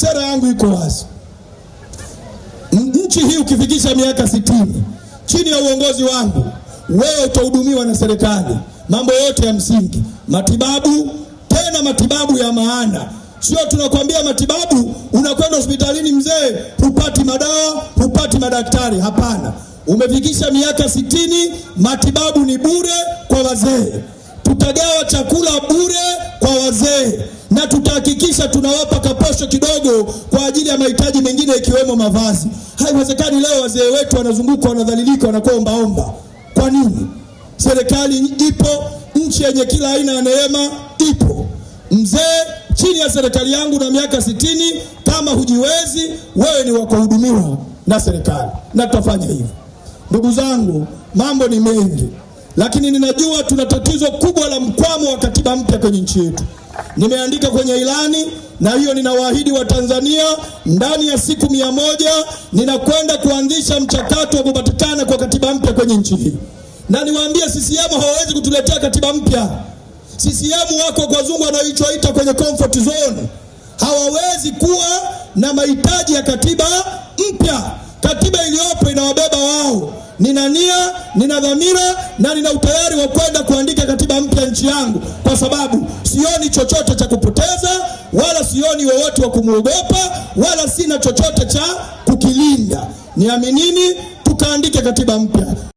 Sera yangu iko wazi. Nchi hii ukifikisha miaka sitini chini ya uongozi wangu, wewe utahudumiwa na serikali, mambo yote ya msingi, matibabu, tena matibabu ya maana. Sio tunakwambia matibabu, unakwenda hospitalini mzee, hupati madawa, hupati madaktari. Hapana, umefikisha miaka sitini, matibabu ni bure kwa wazee, tutagawa chakula bure kwa wazee na tutahakikisha tunawapa kaposho kidogo kwa ajili ya mahitaji mengine ikiwemo mavazi. Haiwezekani leo wazee wetu wanazunguka, wanadhalilika, wanakuwa Kwa nini? Serikali ipo, nchi yenye kila aina ya neema ipo. Mzee chini ya serikali yangu na miaka sitini, kama hujiwezi wewe ni wakuhudumiwa na serikali, na tutafanya hivyo. Ndugu zangu, mambo ni mengi, lakini ninajua tuna tatizo kubwa la mkwamo wa katiba mpya kwenye nchi yetu nimeandika kwenye ilani, na hiyo ninawaahidi tanzania ndani ya siku mia moja ninakwenda kuanzisha mchakato wa kupatikana kwa katiba mpya kwenye nchi hii. Na niwaambie CCM hawawezi kutuletea katiba mpya. CCM wako kwa zungu wanaoichoita kwenye comfort zone, hawawezi kuwa na mahitaji ya katiba mpya. Katiba iliyopo inawabeba wao. Nina nia, nina dhamira na nina utayari wa kwenda kuandika kuipenda nchi yangu, kwa sababu sioni chochote cha kupoteza, wala sioni wowote wa kumwogopa, wala sina chochote cha kukilinda. Niaminini, tukaandike katiba mpya.